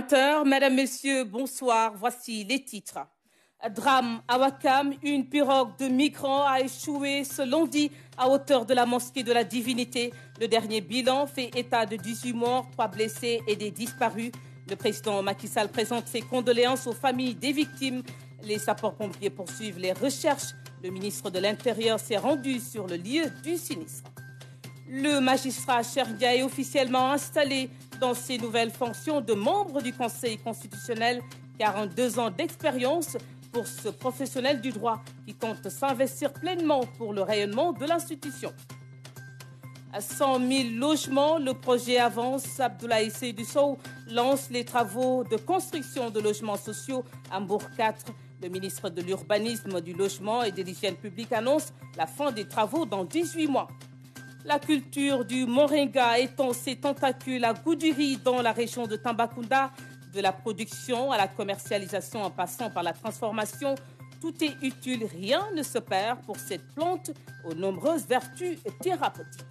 20h, Mesdames, Messieurs, bonsoir. Voici les titres. Drame à Wakam, une pirogue de migrants a échoué ce lundi à hauteur de la mosquée de la divinité. Le dernier bilan fait état de 18 morts, 3 blessés et des disparus. Le président Macky Sall présente ses condoléances aux familles des victimes. Les sapeurs-pompiers poursuivent les recherches. Le ministre de l'Intérieur s'est rendu sur le lieu du sinistre. Le magistrat Cherdia est officiellement installé dans ses nouvelles fonctions de membre du Conseil constitutionnel 42 ans d'expérience pour ce professionnel du droit qui compte s'investir pleinement pour le rayonnement de l'institution. À 100 000 logements, le projet avance. Abdoulaye Seydou lance les travaux de construction de logements sociaux à bourg 4. Le ministre de l'Urbanisme, du Logement et des l'Hygiène publique annonce la fin des travaux dans 18 mois. La culture du moringa étend ses tentacules à goût du riz dans la région de Tambacounda. De la production à la commercialisation en passant par la transformation, tout est utile, rien ne se perd pour cette plante aux nombreuses vertus thérapeutiques.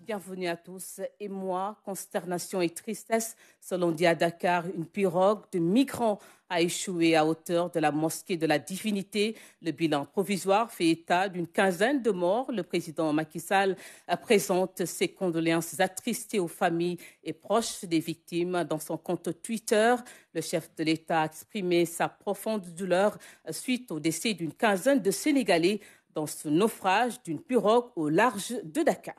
Bienvenue à tous. Et moi, consternation et tristesse, selon dit Dakar, une pirogue de migrants a échoué à hauteur de la mosquée de la divinité. Le bilan provisoire fait état d'une quinzaine de morts. Le président Macky Sall présente ses condoléances attristées aux familles et proches des victimes dans son compte Twitter. Le chef de l'État a exprimé sa profonde douleur suite au décès d'une quinzaine de Sénégalais dans ce naufrage d'une pirogue au large de Dakar.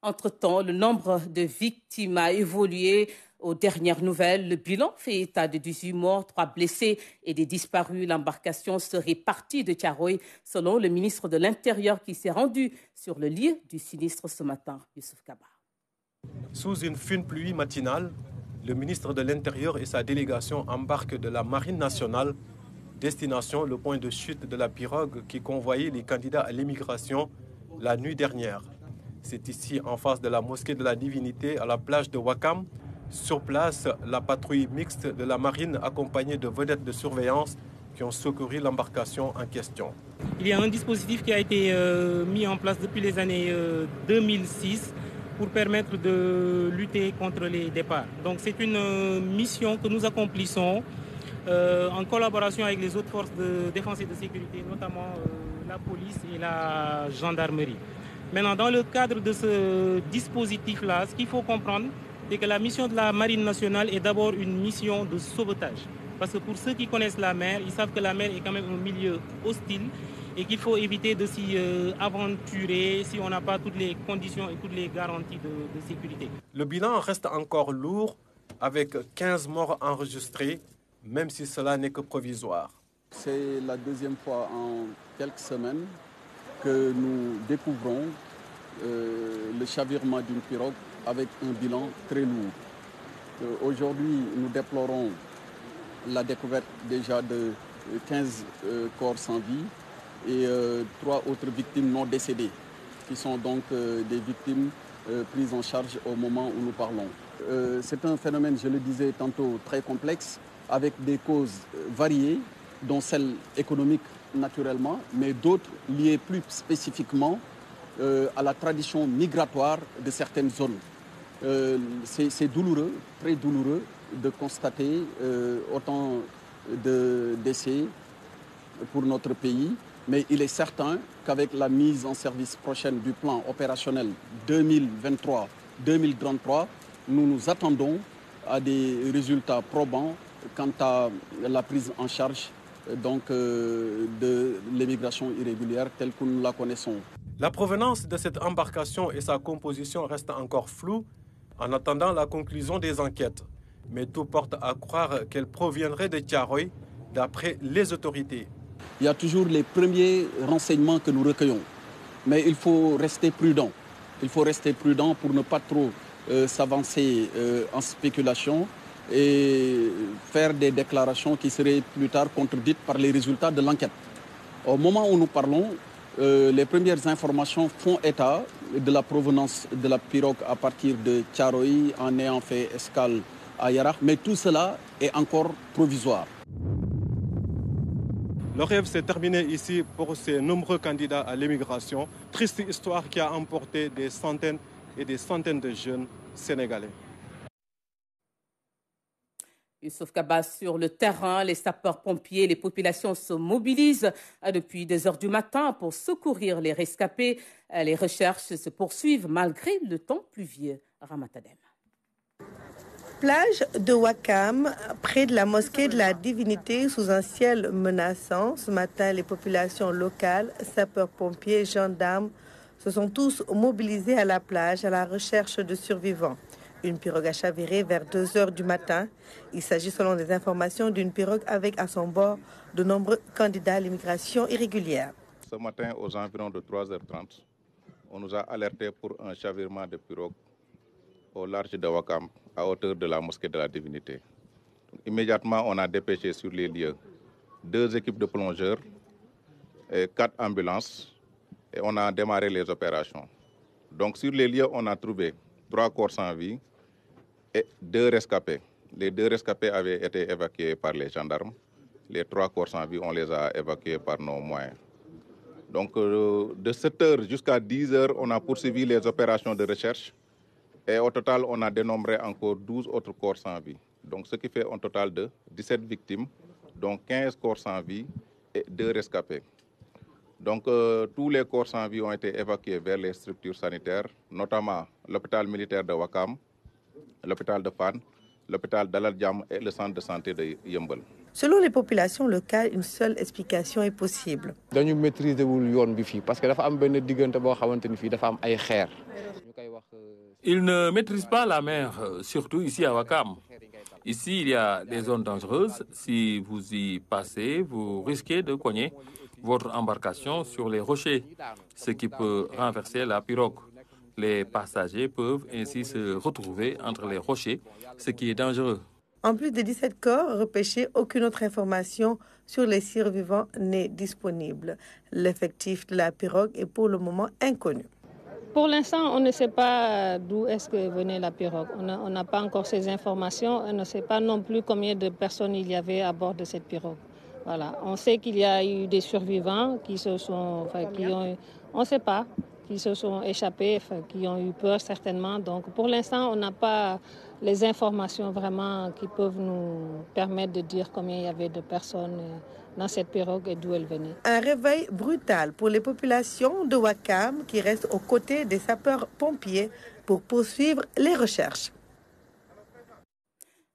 Entre-temps, le nombre de victimes a évolué. Aux dernières nouvelles, le bilan fait état de 18 morts, 3 blessés et des disparus. L'embarcation serait partie de Tiaroy, selon le ministre de l'Intérieur qui s'est rendu sur le lieu du sinistre ce matin, Youssouf Kaba. Sous une fine pluie matinale, le ministre de l'Intérieur et sa délégation embarquent de la Marine nationale, destination le point de chute de la pirogue qui convoyait les candidats à l'immigration la nuit dernière. C'est ici, en face de la mosquée de la Divinité, à la plage de Wakam, sur place, la patrouille mixte de la marine accompagnée de vedettes de surveillance qui ont secouru l'embarcation en question. Il y a un dispositif qui a été euh, mis en place depuis les années 2006 euh, pour permettre de lutter contre les départs. Donc c'est une euh, mission que nous accomplissons en collaboration avec les autres forces de défense et de sécurité, notamment la police et la gendarmerie. Maintenant, dans le cadre de ce dispositif-là, ce qu'il faut comprendre, c'est que la mission de la Marine nationale est d'abord une mission de sauvetage. Parce que pour ceux qui connaissent la mer, ils savent que la mer est quand même un milieu hostile et qu'il faut éviter de s'y euh, aventurer si on n'a pas toutes les conditions et toutes les garanties de, sécurité. Le bilan reste encore lourd avec 15 morts enregistrés, même si cela n'est que provisoire. C'est la deuxième fois en quelques semaines que nous découvrons euh, le chavirement d'une pirogue avec un bilan très lourd. Euh, aujourd'hui, nous déplorons la découverte déjà de 15 euh, corps sans vie et euh, trois autres victimes non décédées, qui sont donc des victimes prises en charge au moment où nous parlons. C'est un phénomène, je le disais tantôt, très complexe, avec des causes variées, dont celles économiques naturellement, mais d'autres liées plus spécifiquement euh, à la tradition migratoire de certaines zones. Euh, c'est douloureux, très douloureux de constater euh, autant de décès pour notre pays, mais il est certain qu'avec la mise en service prochaine du plan opérationnel 2023-2033, nous nous attendons à des résultats probants quant à la prise en charge donc, de l'immigration irrégulière telle que nous la connaissons. La provenance de cette embarcation et sa composition restent encore floues en attendant la conclusion des enquêtes. Mais tout porte à croire qu'elle proviendrait de Tiaroy, d'après les autorités. Il y a toujours les premiers renseignements que nous recueillons. Mais il faut rester prudent. Il faut rester prudent pour ne pas trop euh, s'avancer euh, en spéculation et faire des déclarations qui seraient plus tard contredites par les résultats de l'enquête. Au moment où nous parlons, euh, les premières informations font état de la provenance de la pirogue à partir de Tcharoï en ayant fait escale à Yarak mais tout cela est encore provisoire. Le rêve s'est terminé ici pour ces nombreux candidats à l'immigration. Triste histoire qui a emporté des centaines et des centaines de jeunes sénégalais. Sauf qu'à bas sur le terrain, les sapeurs-pompiers, les populations se mobilisent euh, depuis des heures du matin pour secourir les rescapés. Euh, les recherches se poursuivent malgré le temps pluvieux. Ramatadem. Plage de Wakam, près de la mosquée de la divinité, sous un ciel menaçant. Ce matin, les populations locales, sapeurs-pompiers, gendarmes, se sont tous mobilisés à la plage à la recherche de survivants. Une pirogue a chaviré vers 2 heures du matin. Il s'agit, selon des informations, d'une pirogue avec à son bord de nombreux candidats à l'immigration irrégulière. Ce matin, aux environs de 3h30, on nous a alertés pour un chavirement de pirogue au large de Wakam, à hauteur de la mosquée de la Divinité. Immédiatement, on a dépêché sur les lieux deux équipes de plongeurs et quatre ambulances et on a démarré les opérations. Donc sur les lieux, on a trouvé trois corps sans vie et deux rescapés. Les deux rescapés avaient été évacués par les gendarmes. Les trois corps sans vie, on les a évacués par nos moyens. Donc, euh, de 7 heures jusqu'à 10 h on a poursuivi les opérations de recherche. Et au total, on a dénombré encore 12 autres corps sans vie. Donc, ce qui fait un total de 17 victimes, dont 15 corps sans vie et deux rescapés. Donc euh, tous les corps sans vie ont été évacués vers les structures sanitaires, notamment l'hôpital militaire de Wakam, l'hôpital de Fan, l'hôpital d'Aladjam et le centre de santé de Yombol. Selon les populations locales, une seule explication est possible. Ils ne maîtrisent pas la mer, euh, surtout ici à Wakam. Ici, il y a des zones dangereuses. Si vous y passez, vous risquez de cogner votre embarcation sur les rochers, ce qui peut renverser la pirogue. Les passagers peuvent ainsi se retrouver entre les rochers, ce qui est dangereux. En plus des 17 corps repêchés, aucune autre information sur les survivants n'est disponible. L'effectif de la pirogue est pour le moment inconnu. Pour l'instant, on ne sait pas euh, d'où est-ce que venait la pirogue. On n'a pas encore ces informations. On ne sait pas non plus combien de personnes il y avait à bord de cette pirogue. Voilà. On sait qu'il y a eu des survivants qui se sont, qui on sait pas, qui se sont échappés, qui ont eu peur certainement. Donc, pour l'instant, on n'a pas les informations vraiment qui peuvent nous permettre de dire combien il y avait de personnes euh, dans cette pirogue et d'où elles venaient. Un réveil brutal pour les populations de Wakam qui restent aux côtés des sapeurs-pompiers pour poursuivre les recherches.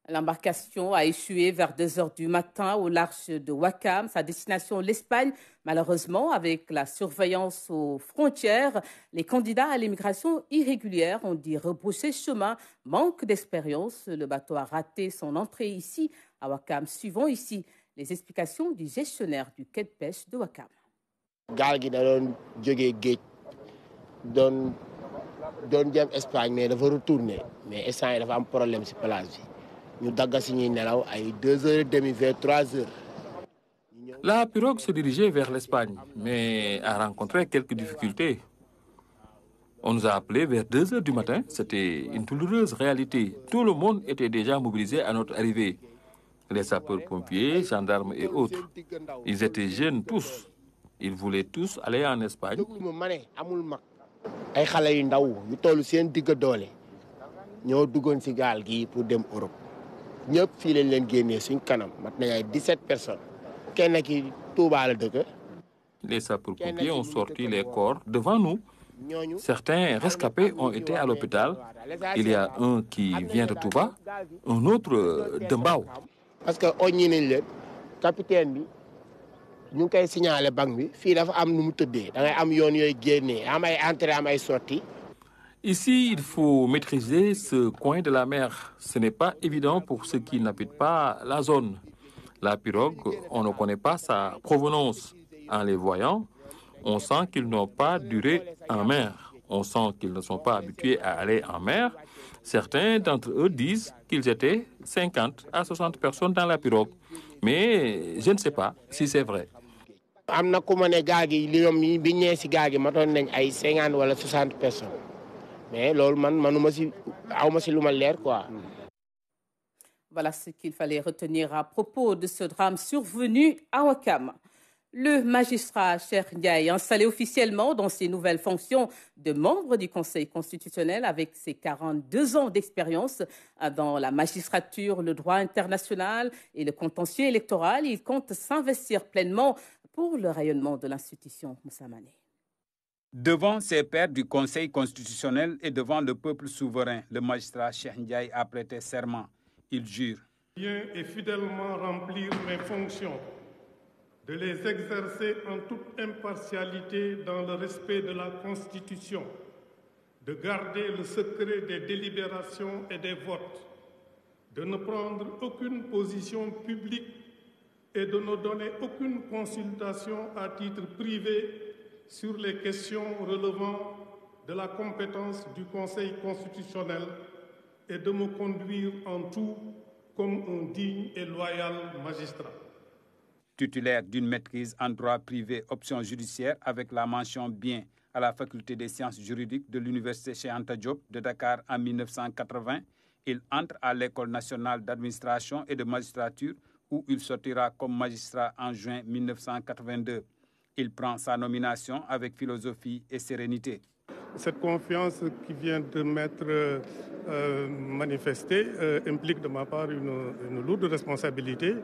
L'embarcation a échoué vers 2 h du matin au large de Wakam, sa destination l'Espagne. Malheureusement, avec la surveillance aux frontières, les candidats à l'immigration irrégulière ont dit rebrousser chemin, manque d'expérience. Le bateau a raté son entrée ici, à Wakam. Suivons ici les explications du gestionnaire du quai de pêche de Wakam. Espagne mais mais instant problème la vers La pirogue se dirigeait vers l'Espagne, mais a rencontré quelques difficultés. On nous a appelés vers 2 h du matin. C'était une douloureuse réalité. Tout le monde était déjà mobilisé à notre arrivée. Les sapeurs-pompiers, gendarmes et autres. Ils étaient jeunes tous. Ils voulaient tous aller en Espagne ñëpp fii lañ leen génnee suñ kanam mat na ay 17 personnes kenn ki Touba la dëkk. Les sapeurs-pompiers ont sorti les corps devant nous. Certains rescapés ont été à l'hôpital. Il y a un qui vient de Touba, un autre euh, de Mbao. Parce que oññi nañ le capitaine bi ñu ngi à la banque bi fii dafa am nu mu tëddee da ngay am yoon yooyu génnee am ay entrée am ay sortie Ici, il faut maîtriser ce coin de la mer. Ce n'est pas évident pour ceux qui n'habitent pas la zone. La pirogue, on ne connaît pas sa provenance. En les voyant, on sent qu'ils n'ont pas duré en mer. On sent qu'ils ne sont pas habitués à aller en mer. Certains d'entre eux disent qu'ils étaient 50 à 60 personnes dans la pirogue. Mais je ne sais pas si c'est vrai. personnes. Voilà ce qu'il fallait retenir à propos de ce drame survenu à Wakam. Le magistrat Cher Ndiaye, installé officiellement dans ses nouvelles fonctions de membre du Conseil constitutionnel avec ses 42 ans d'expérience dans la magistrature, le droit international et le contentieux électoral, il compte s'investir pleinement pour le rayonnement de l'institution Moussa Devant ses pairs du Conseil constitutionnel et devant le peuple souverain, le magistrat Cheikh Ndiaye a prêté serment. Il jure. Bien et fidèlement remplir mes fonctions, de les exercer en toute impartialité dans le respect de la Constitution, de garder le secret des délibérations et des votes, de ne prendre aucune position publique et de ne donner aucune consultation à titre privé sur les questions relevant de la compétence du Conseil constitutionnel et de me conduire en tout comme un digne et loyal magistrat. Titulaire d'une maîtrise en droit privé option judiciaire avec la mention bien à la faculté des sciences juridiques de l'université Cheikh Anta Diop de Dakar en 1980, il entre à l'école nationale d'administration et de magistrature où il sortira comme magistrat en juin 1982. Il prend sa nomination avec philosophie et sérénité. Cette confiance qui vient de m'être euh, euh, manifestée euh, implique de ma part une, lourde responsabilité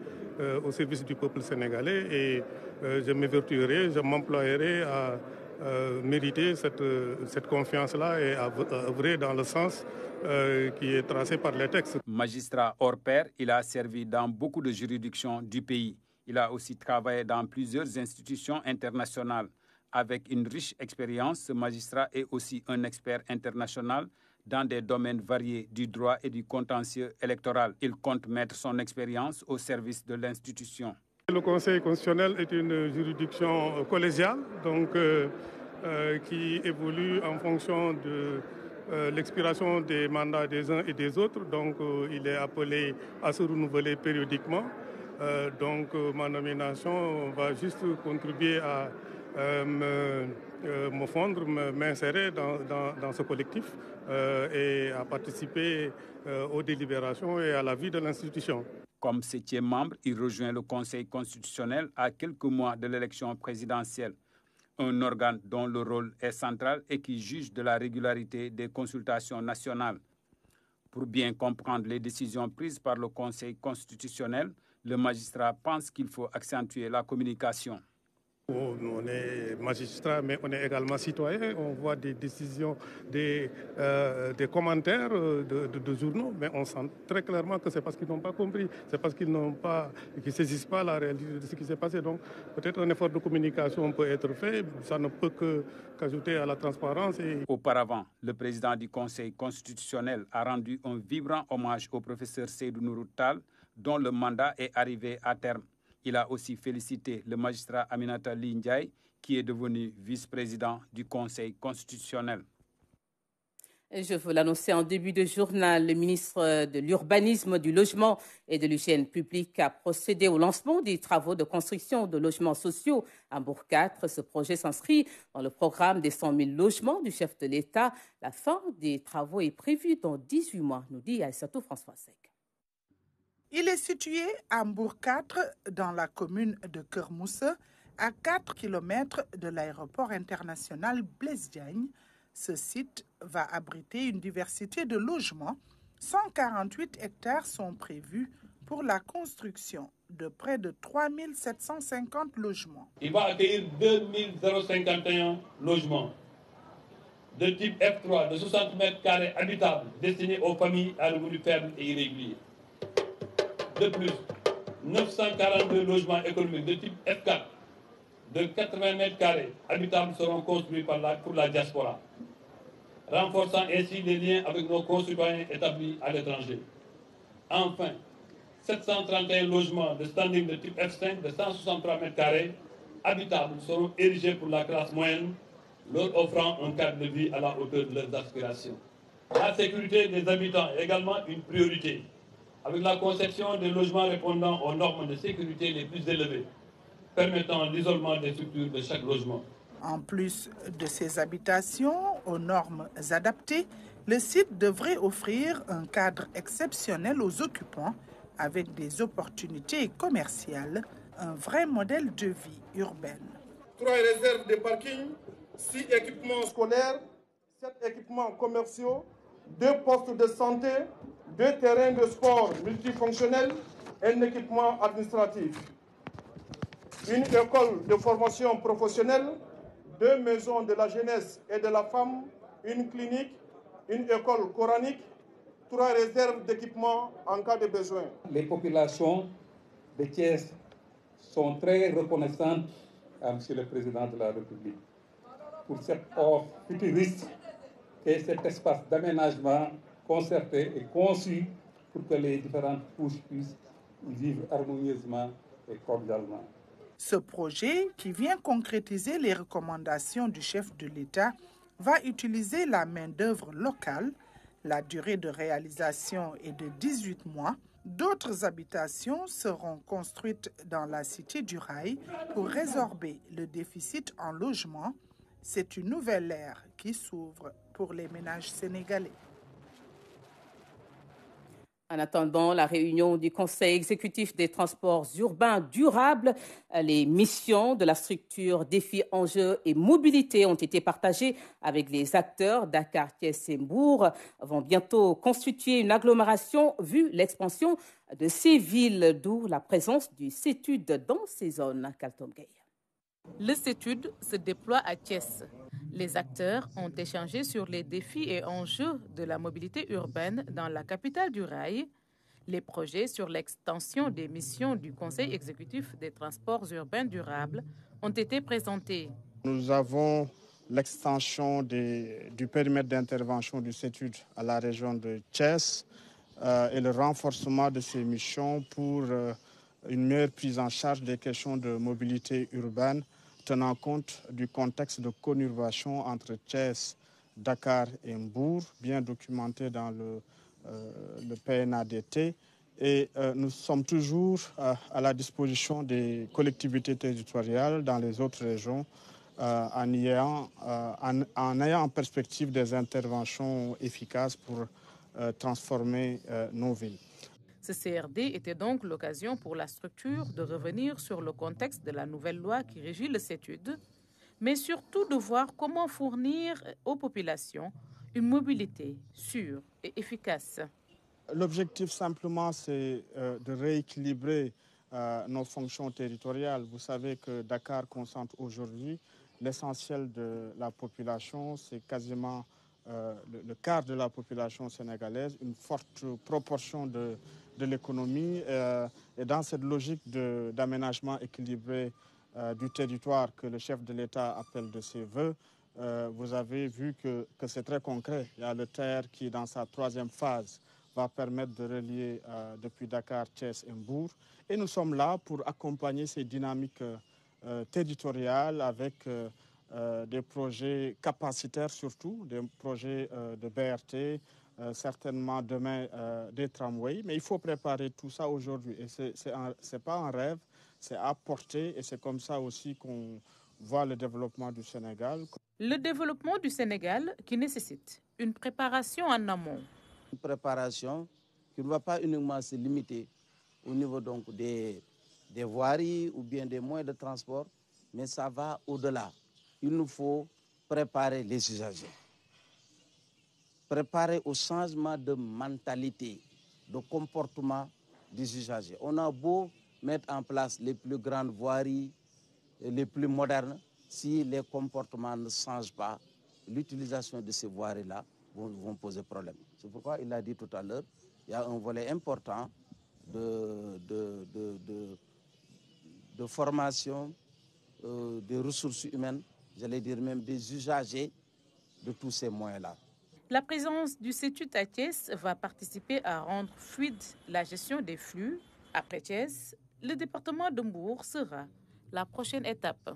au service du peuple sénégalais et je m'évertuerai, je m'emploierai à mériter cette, cette confiance-là et à, à œuvrer dans le sens qui est tracé par les textes. Magistrat hors pair, il a servi dans beaucoup de juridictions du pays. Il a aussi travaillé dans plusieurs institutions internationales. Avec une riche expérience, ce magistrat est aussi un expert international dans des domaines variés du droit et du contentieux électoral. Il compte mettre son expérience au service de l'institution. Le Conseil constitutionnel est une juridiction collégiale, euh, euh, qui évolue en fonction de euh, l'expiration des mandats des uns et des autres. Donc, il est appelé à se renouveler périodiquement. Euh, donc euh, ma nomination va juste contribuer à euh, me, fondre, m'insérer dans, dans, dans, ce collectif et à participer aux délibérations et à la vie de l'institution. Comme septième membre, il rejoint le Conseil constitutionnel à quelques mois de l'élection présidentielle un organe dont le rôle est central et qui juge de la régularité des consultations nationales. Pour bien comprendre les décisions prises par le Conseil constitutionnel, le magistrat pense qu'il faut accentuer la communication. Oh, on est magistrat, mais on est également citoyen. On voit des décisions, des, euh, des commentaires euh, de, de, journaux, mais on sent très clairement que c'est parce qu'ils n'ont pas compris, c'est parce qu'ils n'ont pas, qu'ils saisissent pas la réalité de ce qui s'est passé. Donc, peut-être un effort de communication peut être fait. Ça ne peut que qu'ajouter à la transparence. Auparavant, le président du Conseil constitutionnel a rendu un vibrant hommage au professeur Seydou Nouroutal dont le mandat est arrivé à terme. Il a aussi félicité le magistrat Aminata Lindjay, qui est devenu vice-président du Conseil constitutionnel. Je vous l'annonçais en début de journal, le ministre de l'Urbanisme, du Logement et de l'Hygiène publique a procédé au lancement des travaux de construction de logements sociaux à Bourg 4. Ce projet s'inscrit dans le programme des 100 000 logements du chef de l'État. La fin des travaux est prévue dans 18 mois, nous dit Aïssatou François Sec. Il est situé à Bourg 4, dans la commune de Kermousse, à 4 km de l'aéroport international Blesdiagne. Ce site va abriter une diversité de logements. 148 hectares sont prévus pour la construction de près de 750 logements. Il va accueillir 2051 logements de type F3 de 60 mètres carrés habitables destinés aux familles à revenus faibles et irréguliers. De plus, 942 logements économiques de type F4 de 80 mètres carrés habitables seront construits par la, pour la diaspora, renforçant ainsi les liens avec nos concitoyens établis à l'étranger. Enfin, 731 logements de standing de type F5 de 163 mètres carrés habitables seront érigés pour la classe moyenne, leur offrant un cadre de vie à la hauteur de leurs aspirations. La sécurité des habitants est également une priorité avec la conception de logements répondant aux normes de sécurité les plus élevées, permettant l'isolement des structures de chaque logement. En plus de ces habitations aux normes adaptées, le site devrait offrir un cadre exceptionnel aux occupants avec des opportunités commerciales, un vrai modèle de vie urbaine. Trois réserves de parking, six équipements scolaires, sept équipements commerciaux, deux postes de santé, deux terrains de sport multifonctionnels, un équipement administratif, une école de formation professionnelle, deux maisons de la jeunesse et de la femme, une clinique, une école coranique, trois réserves d'équipement en cas de besoin. Les populations de Thiès sont très reconnaissantes à M. le Président de la République pour cette offre futuriste et cet espace d'aménagement concerté et conçu pour que les différentes couches puissent vivre harmonieusement et cordialement. Ce projet, qui vient concrétiser les recommandations du chef de l'État, va utiliser la main-d'œuvre locale. La durée de réalisation est de 18 mois. D'autres habitations seront construites dans la cité du rail pour résorber le déficit en logement. C'est une nouvelle ère qui s'ouvre pour les ménages sénégalais. En attendant la réunion du Conseil exécutif des transports urbains durables, les missions de la structure défis, enjeux et mobilité ont été partagées avec les acteurs Dakar, Thiès et Mbourg. Vont bientôt constituer une agglomération vu l'expansion de ces villes, d'où la présence du CETUD dans ces zones. Le CETUD se déploie à Thiès. Les acteurs ont échangé sur les défis et enjeux de la mobilité urbaine dans la capitale du rail, les projets sur l'extension des missions du Conseil exécutif des transports urbains durables ont été présentés. Nous avons l'extension du périmètre d'intervention du CETUD à la région de Chess euh, et le renforcement de ses missions pour euh, une meilleure prise en charge des questions de mobilité urbaine tenant compte du contexte de conurbation entre Thiès, Dakar et Mbour, bien documenté dans le, euh, le PNADT. Et euh, nous sommes toujours à la disposition des collectivités territoriales dans les autres régions euh, en, en, ayant en perspective des interventions efficaces pour transformer nos villes. Ce CRD était donc l'occasion pour la structure de revenir sur le contexte de la nouvelle loi qui régit le CETUD, mais surtout de voir comment fournir aux populations une mobilité sûre et efficace. L'objectif simplement, c'est euh, de rééquilibrer euh, nos fonctions territoriales. Vous savez que Dakar concentre aujourd'hui l'essentiel de la population, c'est quasiment euh, le, quart de la population sénégalaise, une forte proportion de, de l'économie. Euh, et dans cette logique d'aménagement équilibré euh, du territoire que le chef de l'État appelle de ses voeux, euh, vous avez vu que, que c'est très concret. Il y a le TER qui, dans sa troisième phase, va permettre de relier depuis Dakar, Thiès et Et nous sommes là pour accompagner ces dynamiques territoriales avec des projets capacitaires surtout, des projets de BRT, euh, certainement demain euh, des tramways, mais il faut préparer tout ça aujourd'hui. Et ce n'est pas un rêve, c'est à et c'est comme ça aussi qu'on voit le développement du Sénégal. Le développement du Sénégal qui nécessite une préparation en amont. Une préparation qui ne va pas uniquement se limiter au niveau donc des, des voiries ou bien des moyens de transport, mais ça va au-delà. Il nous faut préparer les usagers préparer au changement de mentalité, de comportement des usagers. On a beau mettre en place les plus grandes voiries, les plus modernes, si les comportements ne changent pas, l'utilisation de ces voiries-là vont, poser problème. C'est pourquoi il a dit tout à l'heure, il y a un volet important de, de, de, formation euh, des ressources humaines, j'allais dire même des usagers de tous ces moyens-là. La présence du cetu à va participer à rendre fluide la gestion des flux. Après Thiès, le département de Mbourg sera la prochaine étape.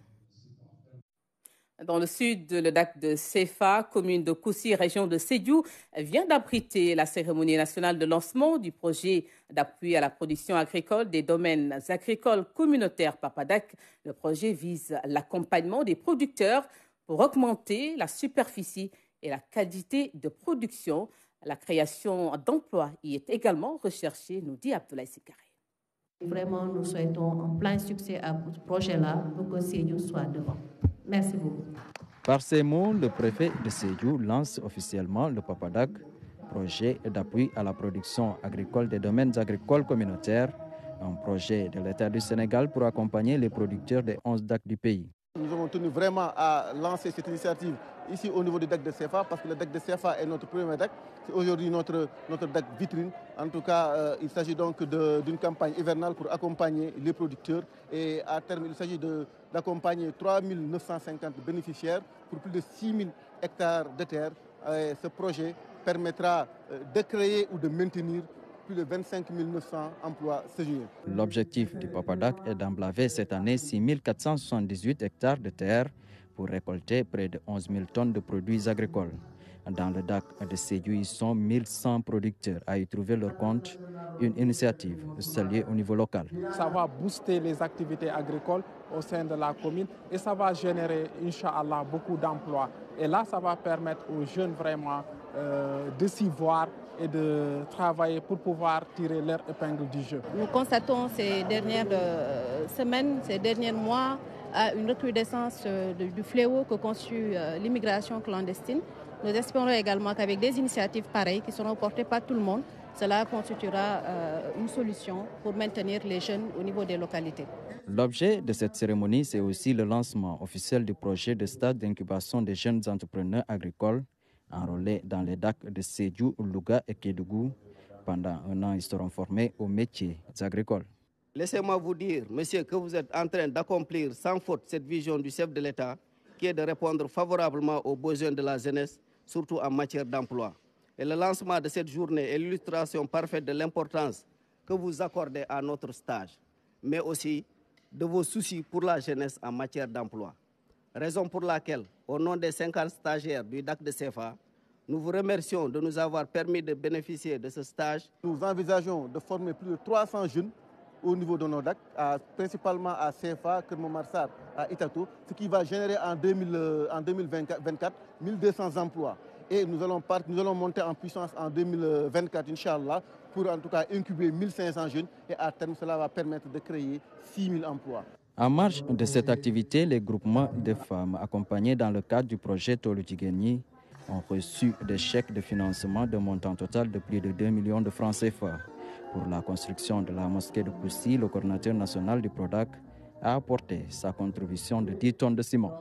Dans le sud, le DAC de CEFA, commune de Koussi, région de Sédiou, vient d'abriter la cérémonie nationale de lancement du projet d'appui à la production agricole des domaines agricoles communautaires Papadac. Le projet vise l'accompagnement des producteurs pour augmenter la superficie et la qualité de production. La création d'emplois y est également recherchée, nous dit Abdoulaye Sikare. Vraiment, nous souhaitons un plein succès à ce projet-là pour que soit devant. Merci beaucoup. Par ces mots, le préfet de CEU lance officiellement le Papadak, projet d'appui à la production agricole des domaines agricoles communautaires, un projet de l'État du Sénégal pour accompagner les producteurs des 11 DAC du pays. Nous avons tenu vraiment à lancer cette initiative ici au niveau du DEC de CFA, parce que le DEC de CFA est notre premier DEC. C'est aujourd'hui notre, notre DEC vitrine. En tout cas, euh, il s'agit donc d'une campagne hivernale pour accompagner les producteurs. Et à terme, il s'agit d'accompagner 3 950 bénéficiaires pour plus de 6 000 hectares de terre. ce projet permettra euh, de créer ou de maintenir plus de 25 900 emplois saisonniers. L'objectif du Papadac est d'emblaver cette année 6 478 hectares de terre pour récolter près de 11 000 tonnes de produits agricoles. Dans le DAC de Séduit, ils sont 1100 producteurs à y trouver leur compte, une initiative saluée au niveau local. Ça va booster les activités agricoles au sein de la commune et ça va générer, Inch'Allah, beaucoup d'emplois. Et là, ça va permettre aux jeunes vraiment euh, de s'y voir et de travailler pour pouvoir tirer leur épingle du jeu. Nous constatons ces dernières euh, semaines, ces derniers mois, à une recrudescence euh, du fléau que conçut euh, l'immigration clandestine. Nous espérons également qu'avec des initiatives pareilles qui seront portées par tout le monde, cela constituera euh, une solution pour maintenir les jeunes au niveau des localités. L'objet de cette cérémonie, c'est aussi le lancement officiel du projet de stade d'incubation des jeunes entrepreneurs agricoles enrôlés dans les DAC de Sédiou, Luga et Kédougou. Pendant un an, ils seront formés aux métiers agricoles. Laissez-moi vous dire, monsieur, que vous êtes en train d'accomplir sans faute cette vision du chef de l'État qui est de répondre favorablement aux besoins de la jeunesse, surtout en matière d'emploi. Et le lancement de cette journée est l'illustration parfaite de l'importance que vous accordez à notre stage, mais aussi de vos soucis pour la jeunesse en matière d'emploi. Raison pour laquelle, au nom des 50 stagiaires du DAC de CFA, nous vous remercions de nous avoir permis de bénéficier de ce stage. Nous envisageons de former plus de 300 jeunes au niveau de nos à, principalement à CFA, Kermomarsar, à Itato, ce qui va générer en, 2000, euh, en 2024 1200 emplois. Et nous allons, nous allons monter en puissance en 2024, euh, Inch'Allah, pour en tout cas incuber 1500 jeunes et à terme cela va permettre de créer 6000 emplois. En marge de cette activité, les groupements de femmes accompagnés dans le cadre du projet Tolutigeni ont reçu des chèques de financement de montant total de plus de 2 millions de francs CFA. Pour la construction de la mosquée de Poussy, le coordinateur national du PRODAC a apporté sa contribution de 10 tonnes de ciment.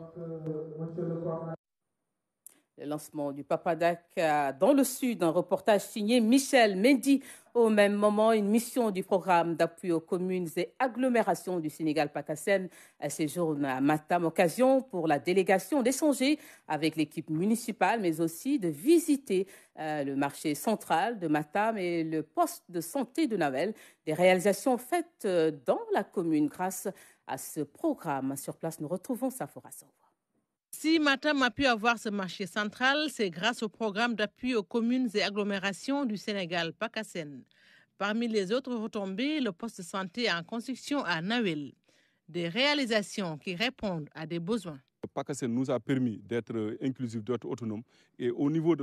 Le lancement du Papadak euh, dans le Sud, un reportage signé Michel Mendy au même moment, une mission du programme d'appui aux communes et agglomérations du Sénégal pakassène séjourne à Matam, occasion pour la délégation d'échanger avec l'équipe municipale, mais aussi de visiter euh, le marché central de Matam et le poste de santé de Navel, des réalisations faites euh, dans la commune grâce à ce programme. Sur place, nous retrouvons Safora Sow. Si Matam a pu avoir ce marché central, c'est grâce au programme d'appui aux communes et agglomérations du Sénégal, PACASEN. Parmi les autres retombées, le poste de santé en construction à Nawel. Des réalisations qui répondent à des besoins. PACASEN nous a permis d'être inclusifs, d'être autonomes. Et au niveau,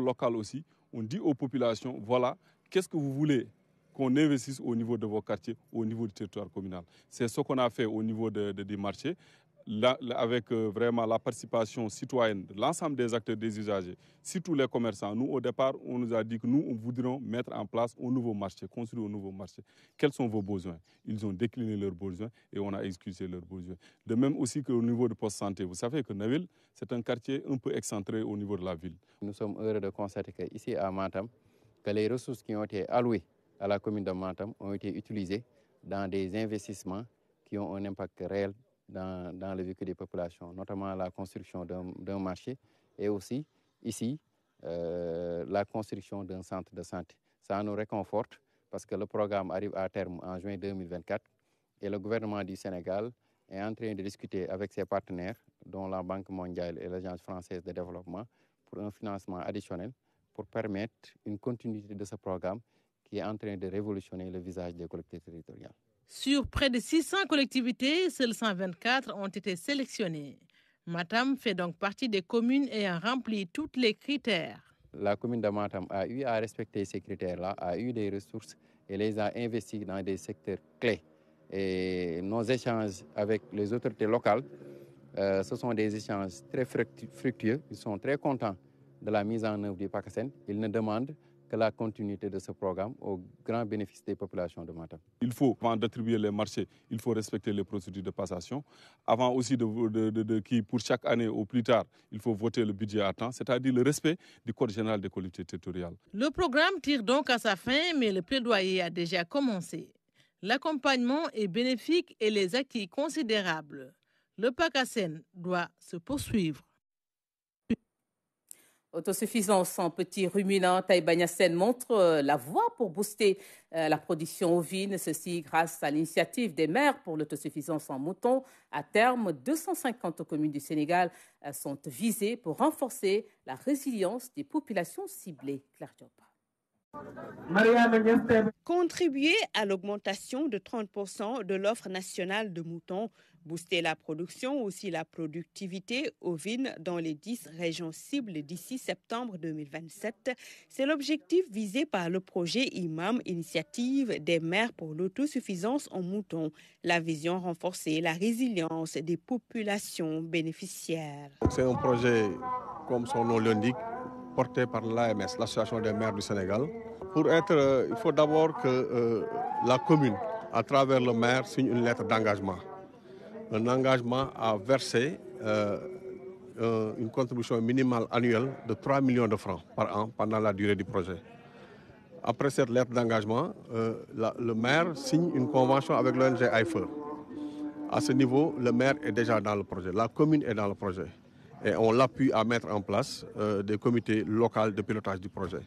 local aussi, on dit aux populations, voilà, qu'est-ce que vous voulez qu'on investisse au niveau de vos quartiers, au niveau du territoire communal. C'est ce qu'on a fait au niveau des marchés avec euh, vraiment la participation citoyenne de l'ensemble des acteurs des usagers, surtout les commerçants. Nous, au départ, on nous a dit que nous, on voudrions mettre en place un nouveau marché, construire un nouveau marché. Quels sont vos besoins Ils ont décliné leurs besoins et on a excusé leurs besoins. De même aussi qu'au niveau de poste santé, vous savez que Neville, c'est un quartier un peu excentré au niveau de la ville. Nous sommes heureux de constater qu'ici à Mantam que les ressources qui ont été allouées à la commune de Mantam ont été utilisées dans des investissements qui ont un impact réel dans, le vécu des populations, notamment la construction d'un marché et aussi ici euh, la construction d'un centre de santé. Ça nous réconforte parce que le programme arrive à terme en juin 2024 et le gouvernement du Sénégal est en train de discuter avec ses partenaires, dont la Banque mondiale et l'Agence française de développement, pour un financement additionnel pour permettre une continuité de ce programme qui est en train de révolutionner le visage des collectivités territoriales. Sur près de 600 collectivités, seules 124 ont été sélectionnées. Matam fait donc partie des communes ayant rempli tous les critères. La commune de Matam a eu à respecter ces critères-là, a eu des ressources et les a investis dans des secteurs clés. Et nos échanges avec les autorités locales, euh, ce sont des échanges très fructueux. Ils sont très contents de la mise en œuvre du PACASEN. Ils ne demandent que la continuité de ce programme au grand bénéfice des populations de Matam. Il faut, avant d'attribuer les marchés, il faut respecter les procédures de passation. Avant aussi de, qui, pour chaque année au plus tard, il faut voter le budget à temps, c'est-à-dire le respect du Code général des collectivités territoriales. Le programme tire donc à sa fin, mais le plaidoyer a déjà commencé. L'accompagnement est bénéfique et les acquis considérables. Le PACASEN doit se poursuivre. Autosuffisance en petits ruminants, Taïbanyasen montre euh, la voie pour booster euh, la production ovine, ceci grâce à l'initiative des maires pour l'autosuffisance en moutons. À terme, 250 communes du Sénégal euh, sont visées pour renforcer la résilience des populations ciblées. Contribuer à l'augmentation de 30% de l'offre nationale de moutons, booster la production, aussi la productivité ovine dans les 10 régions cibles d'ici septembre 2027. C'est l'objectif visé par le projet IMAM, Initiative des maires pour l'autosuffisance en moutons. La vision renforcée, la résilience des populations bénéficiaires. C'est un projet, comme son nom l'indique, porté par l'AMS, l'Association des maires du Sénégal. Pour être, euh, il faut d'abord que euh, la commune, à travers le maire, signe une lettre d'engagement un engagement à verser euh, une contribution minimale annuelle de 3 millions de francs par an pendant la durée du projet. Après cette lettre d'engagement, euh, le maire signe une convention avec l'ONG IFE. À ce niveau, le maire est déjà dans le projet, la commune est dans le projet. Et on l'appuie à mettre en place euh, des comités locaux de pilotage du projet.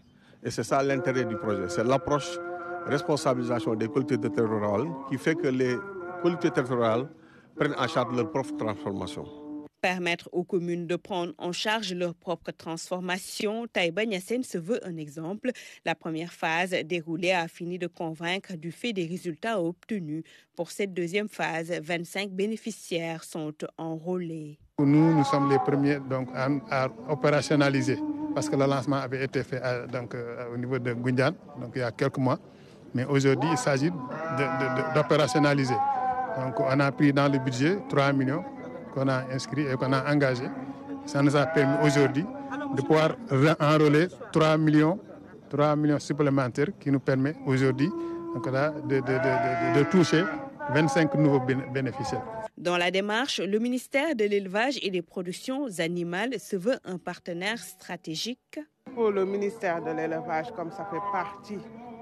Et c'est ça l'intérêt du projet. C'est l'approche responsabilisation des collectivités territoriales qui fait que les collectivités territoriales prennent en charge leur propre transformation. Permettre aux communes de prendre en charge leur propre transformation, Taïba Niassène se veut un exemple. La première phase déroulée a fini de convaincre du fait des résultats obtenus. Pour cette deuxième phase, 25 bénéficiaires sont enrôlés. Nous, nous sommes les premiers donc, à, opérationnaliser parce que le lancement avait été fait donc, euh, au niveau de Gundian, donc il y a quelques mois. Mais aujourd'hui, il s'agit d'opérationnaliser. De, donc on a pris dans le budget 3 millions qu'on a inscrits et qu'on a engagés. Ça nous a permis aujourd'hui de pouvoir enrôler 3 millions, 3 millions supplémentaires qui nous permet aujourd'hui de, de toucher 25 nouveaux bénéficiaires. Dans la démarche, le ministère de l'élevage et des productions animales se veut un partenaire stratégique. Pour le ministère de l'élevage, comme ça fait partie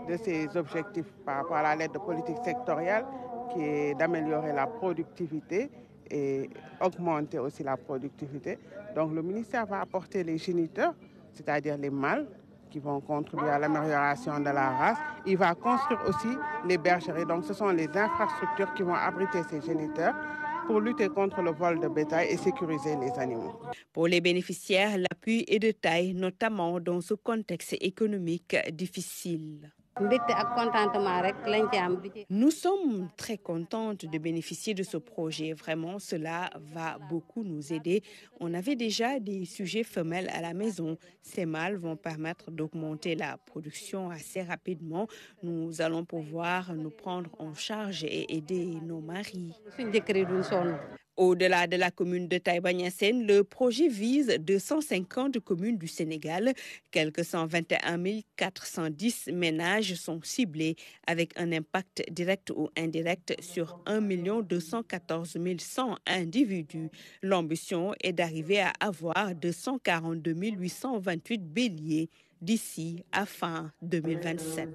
de ses objectifs par rapport à l'aide de politique sectorielle, qui est d'améliorer la productivité et augmenter aussi la productivité. Donc le ministère va apporter les géniteurs, c'est-à-dire les mâles, qui vont contribuer à l'amélioration de la race. Il va construire aussi les bergeries. Donc ce sont les infrastructures qui vont abriter ces géniteurs pour lutter contre le vol de bétail et sécuriser les animaux. Pour les bénéficiaires, l'appui est de taille, notamment dans ce contexte économique difficile. Nous sommes très contentes de bénéficier de ce projet. Vraiment, cela va beaucoup nous aider. On avait déjà des sujets femelles à la maison. Ces mâles vont permettre d'augmenter la production assez rapidement. Nous allons pouvoir nous prendre en charge et aider nos maris. Au-delà de la commune de taïwan le projet vise 250 communes du Sénégal. Quelques 121 410 ménages sont ciblés avec un impact direct ou indirect sur 1 214 100 individus. L'ambition est d'arriver à avoir 242 828 béliers d'ici à fin 2027.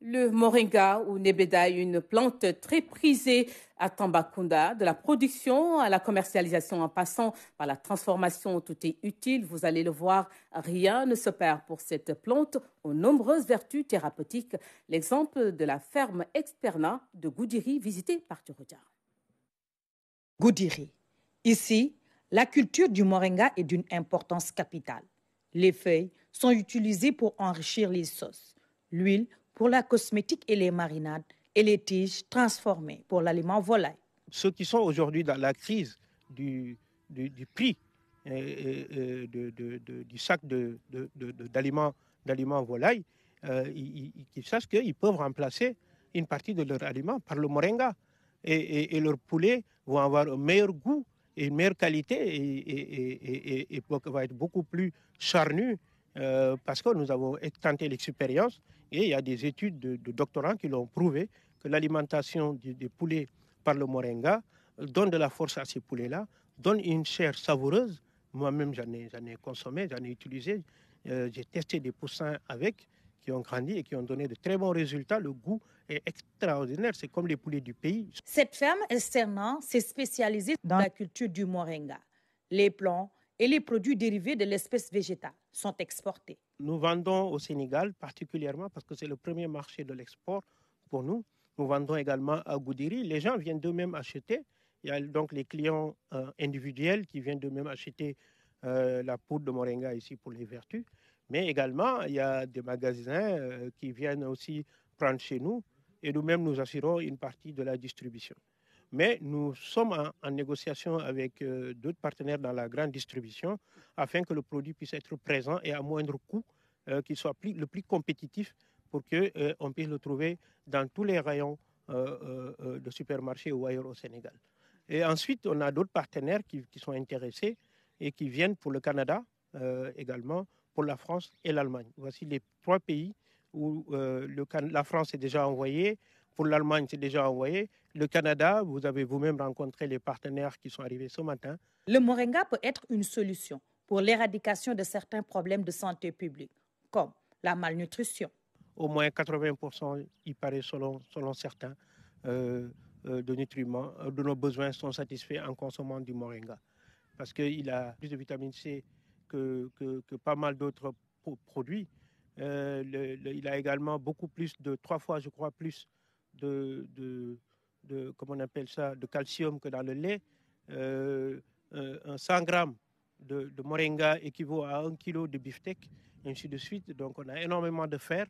Le moringa ou nebeda est une plante très prisée à Tambacounda, de la production à la commercialisation en passant par la transformation, tout est utile. Vous allez le voir, rien ne se perd pour cette plante aux nombreuses vertus thérapeutiques. L'exemple de la ferme Experna de Goudiri, visitée par Turodia. Goudiri. Ici, la culture du moringa est d'une importance capitale. Les feuilles sont utilisées pour enrichir les sauces, l'huile pour la cosmétique et les marinades et les tiges transformées pour l'aliment volaille. Ceux qui sont aujourd'hui dans la crise du, prix euh, euh, euh, du sac d'aliments volaille, euh, ils, sachent qu'ils peuvent remplacer une partie de leur aliment par le moringa. Et, et leurs poulets vont avoir un meilleur goût et une meilleure qualité et, va être beaucoup plus charnu parce que nous avons tenté l'expérience et il y a des études de, doctorants qui l'ont prouvé que l'alimentation des, poulets par le moringa donne de la force à ces poulets-là, donne une chair savoureuse. Moi-même, j'en ai, consommé, j'en ai utilisé. Euh, j'ai testé des poussins avec qui ont grandi et qui ont donné de très bons résultats. Le goût est extraordinaire. C'est comme les poulets du pays. Cette ferme Esternan s'est spécialisée dans la culture du moringa. Les plants et les produits dérivés de l'espèce végétale sont exportés nous vendons au Sénégal particulièrement parce que c'est le premier marché de l'export pour nous. Nous vendons également à Goudiri. Les gens viennent d'eux-mêmes acheter. Il y a donc les clients euh, individuels qui viennent d'eux-mêmes acheter euh, la poudre de Moringa ici pour les vertus. Mais également, il y a des magasins euh, qui viennent aussi prendre chez nous et nous-mêmes nous assurons une partie de la distribution. Mais nous sommes en, négociation avec euh, d'autres partenaires dans la grande distribution afin que le produit puisse être présent et à moindre coût, euh, qu'il soit le plus compétitif pour qu'on euh, puisse le trouver dans tous les rayons de supermarchés ou ailleurs au Sénégal. Et ensuite, on a d'autres partenaires qui, sont intéressés et qui viennent pour le Canada également, pour la France et l'Allemagne. Voici les trois pays où la France est déjà envoyée, pour l'Allemagne, c'est déjà envoyé. Le Canada, vous avez vous-même rencontré les partenaires qui sont arrivés ce matin. Le moringa peut être une solution pour l'éradication de certains problèmes de santé publique, comme la malnutrition. Au moins 80%, il paraît selon, certains, euh, euh, de nutriments, euh, de nos besoins sont satisfaits en consommant du moringa. Parce qu'il a plus de vitamine C que, pas mal d'autres produits. il a également beaucoup plus de, trois fois, je crois, plus de de, comment on appelle ça, de calcium que dans le lait. Euh, un 100 grammes de, de, moringa équivaut à 1 kg de beefsteak, ainsi de suite. Donc on a énormément de fer.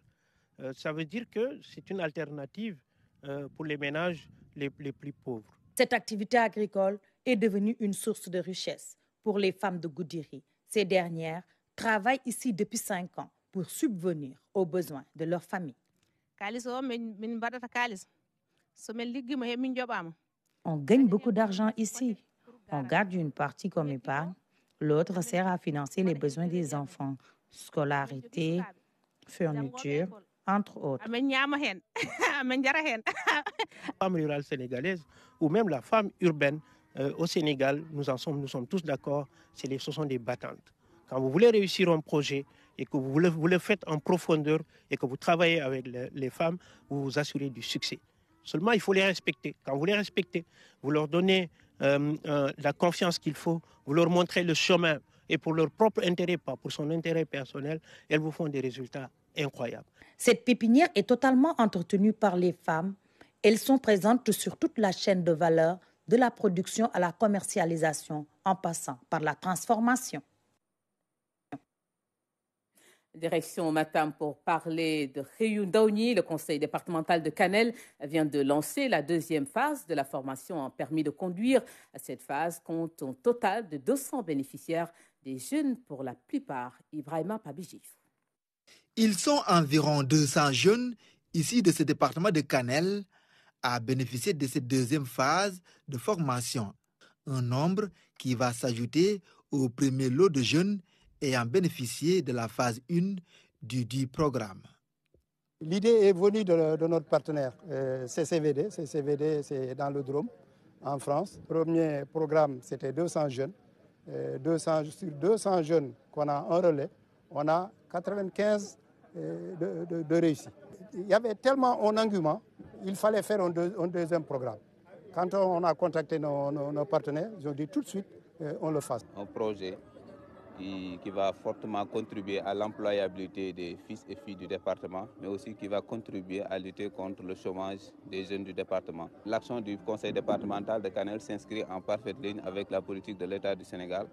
Euh, ça veut dire que c'est une alternative euh, pour les ménages les, les plus pauvres. Cette activité agricole est devenue une source de richesse pour les femmes de Goudiri. Ces dernières travaillent ici depuis 5 ans pour subvenir aux besoins de leur famille. On gagne beaucoup d'argent ici. On garde une partie comme épargne. L'autre sert à financer les besoins des enfants, scolarité, fourniture, entre autres. La femme rurale sénégalaise ou même la femme urbaine euh, au Sénégal, nous sommes, tous d'accord, ce sont des battantes. Quand vous voulez réussir un projet et que vous le, faites en profondeur et que vous travaillez avec les femmes, vous vous assurez du succès. Seulement, il faut les respecter. Quand vous les respectez, vous leur donnez euh, euh, la confiance qu'il faut, vous leur montrez le chemin, et pour leur propre intérêt, pas pour son intérêt personnel, elles vous font des résultats incroyables. Cette pépinière est totalement entretenue par les femmes. Elles sont présentes sur toute la chaîne de valeur, de la production à la commercialisation, en passant par la transformation. Direction Matam pour parler de Réunion Le conseil départemental de Canel vient de lancer la deuxième phase de la formation en permis de conduire. Cette phase compte un total de 200 bénéficiaires, des jeunes pour la plupart. Ibrahima Pabijif. Ils sont environ 200 jeunes ici de ce département de Canel à bénéficier de cette deuxième phase de formation. Un nombre qui va s'ajouter au premier lot de jeunes ayant bénéficier de la phase 1 du, programme. L'idée est venue de, notre partenaire euh, CCVD. CCVD, c'est dans le Drôme, en France. premier programme, c'était 200 jeunes. 200, euh, sur 200 jeunes qu'on a en relais, on a 95 euh, de, réussite. Il y avait tellement en argument, il fallait faire un, deuxième programme. Quand on a contacté nos, partenaires, ils ont dit tout de suite, on le fasse. Un projet qui va fortement contribuer à l'employabilité des fils et filles du département, mais aussi qui va contribuer à lutter contre le chômage des jeunes du département. L'action du Conseil départemental de Canel s'inscrit en parfaite ligne avec la politique de l'État du Sénégal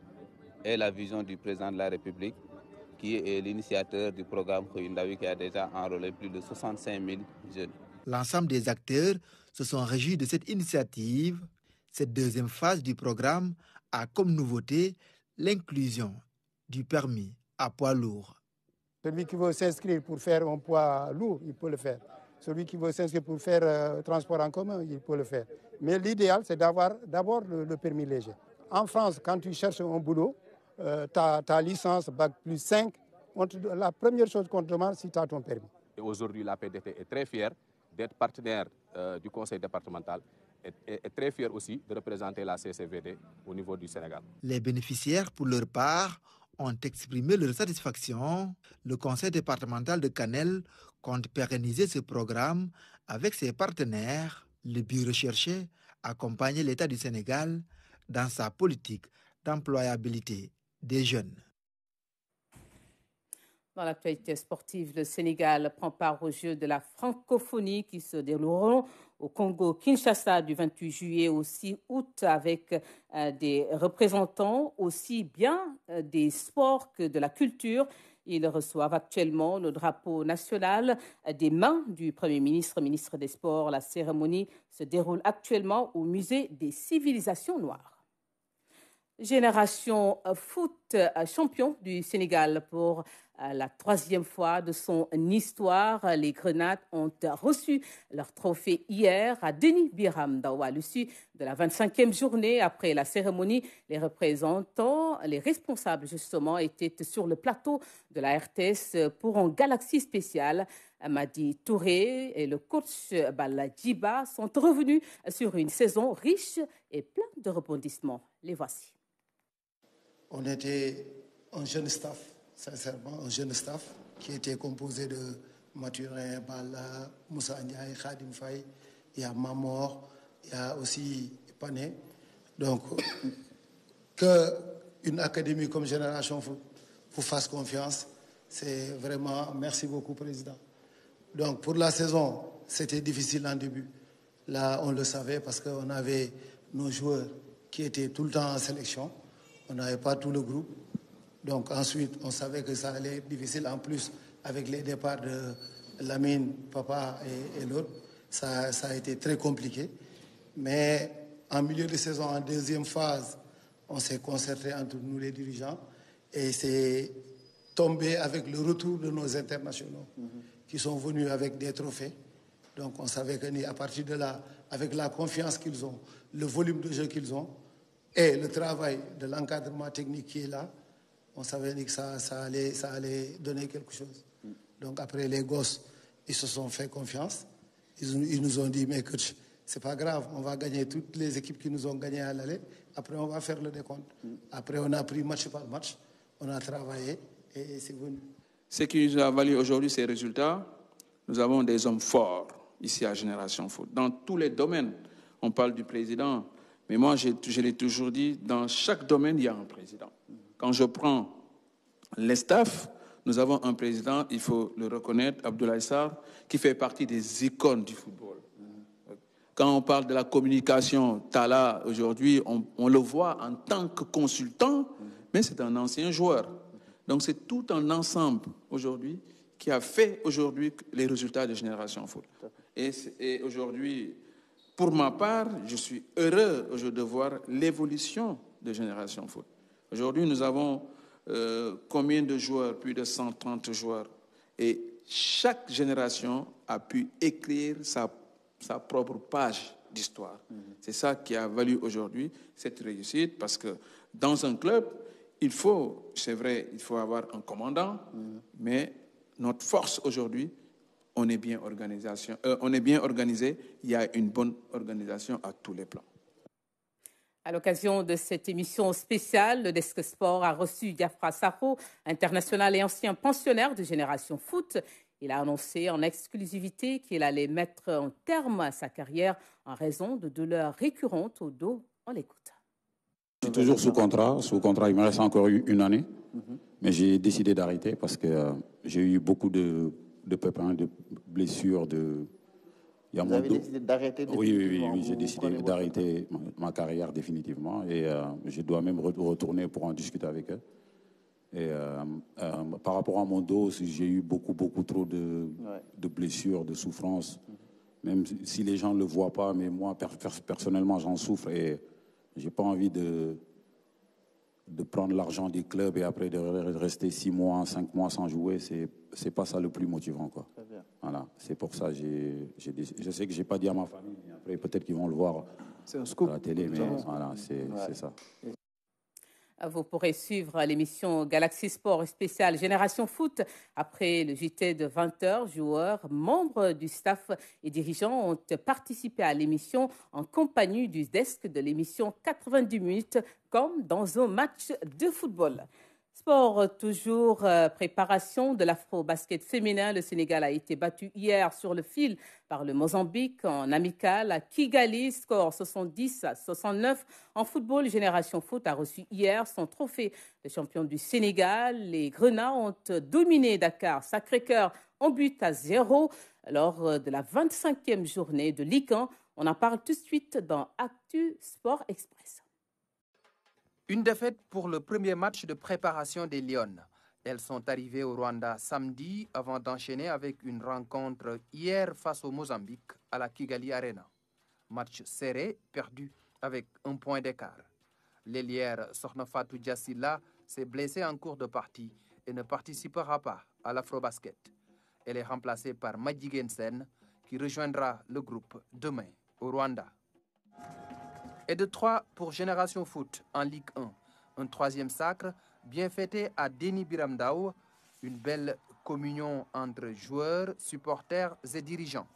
et la vision du président de la République, qui est l'initiateur du programme Koyundawi qui a déjà enrôlé plus de 65 000 jeunes. L'ensemble des acteurs se sont réjouis de cette initiative. Cette deuxième phase du programme a comme nouveauté l'inclusion du permis à poids lourd. Celui qui veut s'inscrire pour faire un poids lourd, il peut le faire. Celui qui veut s'inscrire pour faire euh, transport en commun, il peut le faire. Mais l'idéal, c'est d'avoir d'abord le, permis léger. En France, quand tu cherches un boulot, euh, ta licence, bac plus 5, la première chose qu'on te demande, si tu as ton permis. aujourd'hui, la PDT est très fière d'être partenaire euh, du conseil départemental et, et, très fière aussi de représenter la CCVD au niveau du Sénégal. Les bénéficiaires, pour leur part, ont exprimé leur satisfaction, le conseil départemental de Canel compte pérenniser ce programme avec ses partenaires. Le but recherché, accompagner l'État du Sénégal dans sa politique d'employabilité des jeunes. Dans l'actualité sportive, le Sénégal prend part aux Jeux de la francophonie qui se dérouleront au Congo-Kinshasa du 28 juillet au 6 août avec euh, des représentants aussi bien euh, des sports que de la culture. Ils reçoivent actuellement le drapeau national euh, des mains du Premier ministre, ministre des Sports. La cérémonie se déroule actuellement au Musée des civilisations noires. Génération Foot euh, champion du Sénégal pour euh, la troisième fois de son histoire. Les Grenades ont euh, reçu leur trophée hier à Denis Biram d'Awa, l'issue de la 25e journée. Après la cérémonie, les représentants, les responsables justement, étaient sur le plateau de la RTS pour un galaxie spécial. Madi Touré et le coach Baladjiba sont revenus sur une saison riche et pleine de rebondissements. Les voici. On était un jeune staff, sincèrement, un jeune staff qui était composé de Mathurin, Bala, Moussa Ndiaye, Khadim Faye, il y a Mamor, il y a aussi Pané. Donc, qu'une académie comme Génération Foot vous fasse confiance, c'est vraiment merci beaucoup, Président. Donc, pour la saison, c'était difficile en début. Là, on le savait parce qu'on avait nos joueurs qui étaient tout le temps en sélection. On n'avait pas tout le groupe. Donc ensuite, on savait que ça allait être difficile. En plus, avec les départs de Lamine, Papa et, l'autre, ça, a été très compliqué. Mais en milieu de saison, en deuxième phase, on s'est concentré entre nous les dirigeants et c'est tombé avec le retour de nos internationaux qui sont venus avec des trophées. Donc on savait qu'à partir de là, avec la confiance qu'ils ont, le volume de jeu qu'ils ont, et eh, le travail de l'encadrement technique qui est là, on savait que ça, allait, ça allait donner quelque chose. Donc après, les gosses, ils se sont fait confiance. Ils, nous ont dit, mais coach, c'est pas grave, on va gagner toutes les équipes qui nous ont gagné à l'aller. Après, on va faire le décompte. Après, on a pris match par match, on a travaillé et c'est venu. Ce qui nous a valu aujourd'hui ces résultats, nous avons des hommes forts ici à Génération Foot. Dans tous les domaines, on parle du président, mais moi, je, l'ai toujours dit, dans chaque domaine, il y a un président. Quand je prends les staffs, nous avons un président, il faut le reconnaître, Abdoulaye Sarr, qui fait partie des icônes du football. Quand on parle de la communication, Tala, aujourd'hui, on, le voit en tant que consultant, mais c'est un ancien joueur. Donc c'est tout un ensemble aujourd'hui qui a fait aujourd'hui les résultats de Génération Foot. et aujourd'hui, pour ma part, je suis heureux aujourd'hui de voir l'évolution de Génération Foot. Aujourd'hui, nous avons euh, combien de joueurs Plus de 130 joueurs. Et chaque génération a pu écrire sa, propre page d'histoire. Mm-hmm. C'est ça qui a valu aujourd'hui cette réussite, parce que dans un club, il faut, c'est vrai, il faut avoir un commandant, mm-hmm. mais notre force aujourd'hui, on est bien organisation, euh, on est bien organisé, il y a une bonne organisation à tous les plans. À l'occasion de cette émission spéciale, le Desk Sport a reçu Diafra Safo, international et ancien pensionnaire de Génération Foot. Il a annoncé en exclusivité qu'il allait mettre un terme à sa carrière en raison de douleurs récurrentes au dos. On l'écoute. Je suis toujours sous contrat. Sous contrat, il me reste encore une année. Mhm. Mais j'ai décidé d'arrêter parce que euh, j'ai eu beaucoup de de pépins, hein, de blessures, de... vous avez décidé d'arrêter Oui, oui, oui, oui j'ai décidé d'arrêter ma, carrière définitivement et euh, je dois même retourner pour en discuter avec eux. Et euh, euh, par rapport à mon dos, j'ai eu beaucoup, beaucoup trop de, blessures, de souffrances. Mhm. Même si les gens ne le voient pas, mais moi, personnellement, j'en souffre et j'ai pas envie de, de prendre l'argent du club et après de rester six mois, cinq mois sans jouer, c'est c'est pas ça le plus motivant quoi. Voilà, c'est pour ça j'ai je sais que j'ai pas dit à ma famille, après peut-être qu'ils vont le voir à la télé, mais voilà c'est ça. Euh, vous pourrez suivre l'émission Galaxy Sport spéciale Génération Foot après le JT de 20h. Joueurs, membres du staff et dirigeants ont participé à l'émission en compagnie du desk de l'émission 90 minutes comme dans un match de football sport, euh, toujours euh, préparation de l'afro-basket féminin. Le Sénégal a été battu hier sur le fil par le Mozambique en amical à Kigali, score 70 à 69. En football, Génération Foot a reçu hier son trophée de champion du Sénégal. Les Grenats ont dominé Dakar, Sacré-Cœur en but à zéro lors euh, de la 25e journée de Ligue On en parle tout de suite dans Actu Sport Express. Une défaite pour le premier match de préparation des Lyons. Elles sont arrivées au Rwanda samedi avant d'enchaîner avec une rencontre hier face au Mozambique à la Kigali Arena. Match serré, perdu avec un point d'écart. L'ailière Sornofatou Jassila s'est blessée en cours de partie et ne participera pas à l'Afrobasket. Elle est remplacée par Gensen qui rejoindra le groupe demain au Rwanda et de 3 pour Génération Foot en Ligue 1. Un troisième sacre bien fêté à Denis Biramdao, une belle communion entre joueurs, supporters et dirigeants.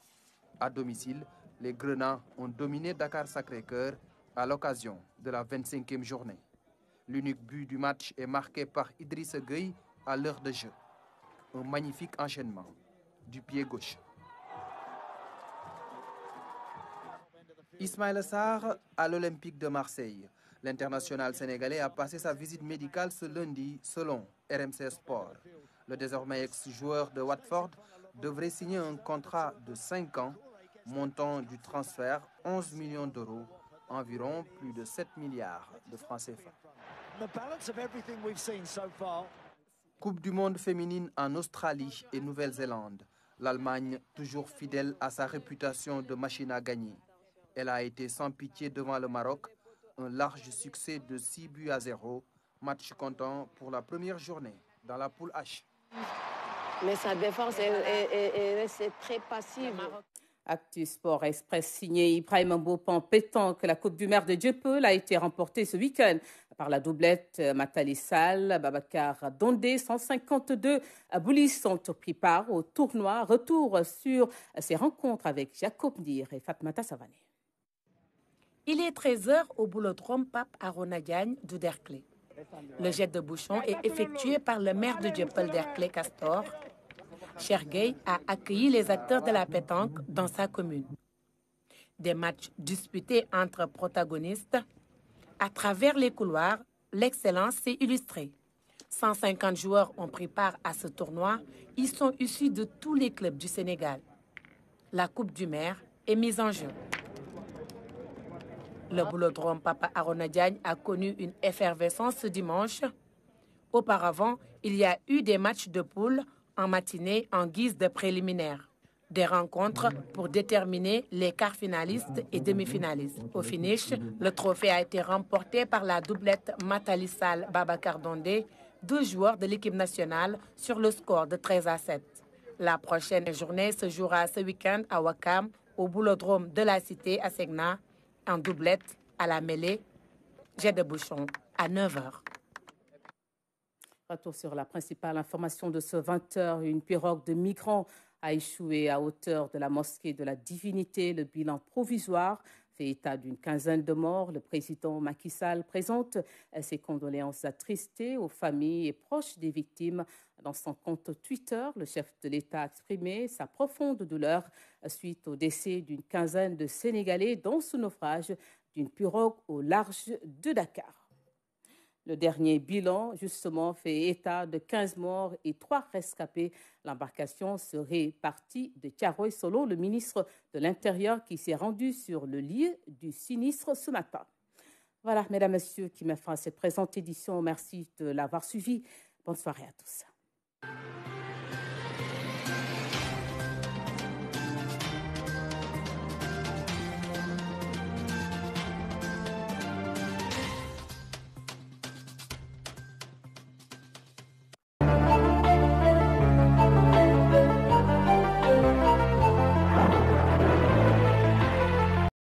À domicile, les Grenats ont dominé Dakar Sacré-Cœur à l'occasion de la 25e journée. L'unique but du match est marqué par Idriss Gueye à l'heure de jeu. Un magnifique enchaînement du pied gauche. Ismaël Sarr à l'Olympique de Marseille. L'international sénégalais a passé sa visite médicale ce lundi selon RMC Sport. Le désormais ex-joueur de Watford devrait signer un contrat de 5 ans, montant du transfert 11 millions d'euros, environ plus de 7 milliards de francs CFA. Coupe du monde féminine en Australie et Nouvelle-Zélande. L'Allemagne toujours fidèle à sa réputation de machine à gagner. Elle a été sans pitié devant le Maroc, un large succès de 6 buts à 0, match content pour la première journée dans la poule H. Mais sa défense est, très passive. Actu Sport Express signé Ibrahim Mbopan, pétant que la Coupe du maire de Dieppe a été remportée ce week-end par la doublette Sal, Babacar Dondé, 152 Boulis sont pris part au tournoi. Retour sur ses rencontres avec Jacob Nir et Fatmata Savané. Il est 13h au boulodrome Pape Aronagagne Diagne Derclé. Le jet de bouchon est effectué par le maire de Dieppel Derclé Castor. Sergueï a accueilli les acteurs de la pétanque dans sa commune. Des matchs disputés entre protagonistes. À travers les couloirs, l'excellence s'est illustrée. 150 joueurs ont pris part à ce tournoi. Ils sont issus de tous les clubs du Sénégal. La Coupe du maire est mise en jeu. Le boulodrome Papa Arona Diagne a connu une effervescence ce dimanche. Auparavant, il y a eu des matchs de poule en matinée en guise de préliminaire. Des rencontres pour déterminer les quarts finalistes et demi-finalistes. Au finish, le trophée a été remporté par la doublette Matalissal Babacar Dondé, deux joueurs de l'équipe nationale sur le score de 13 à 7. La prochaine journée se jouera ce week-end à Wakam, au boulodrome de la cité à Segna, en doublette à la mêlée. j'ai de bouchons à 9h. Retour sur la principale information de ce 20h. Une pirogue de migrants a échoué à hauteur de la mosquée de la divinité. Le bilan provisoire état d'une quinzaine de morts. Le président Macky Sall présente euh, ses condoléances attristées aux familles et proches des victimes. Dans son compte Twitter, le chef de l'État a exprimé sa profonde douleur euh, suite au décès d'une quinzaine de Sénégalais dans ce naufrage d'une pirogue au large de Dakar. Le dernier bilan, justement, fait état de 15 morts et 3 rescapés. L'embarcation serait partie de Tiaroy Solo, le ministre de l'Intérieur, qui s'est rendu sur le lieu du sinistre ce matin. Voilà, mesdames, messieurs, qui m'a fait cette présente édition. Merci de l'avoir suivi. Bonne soirée à tous.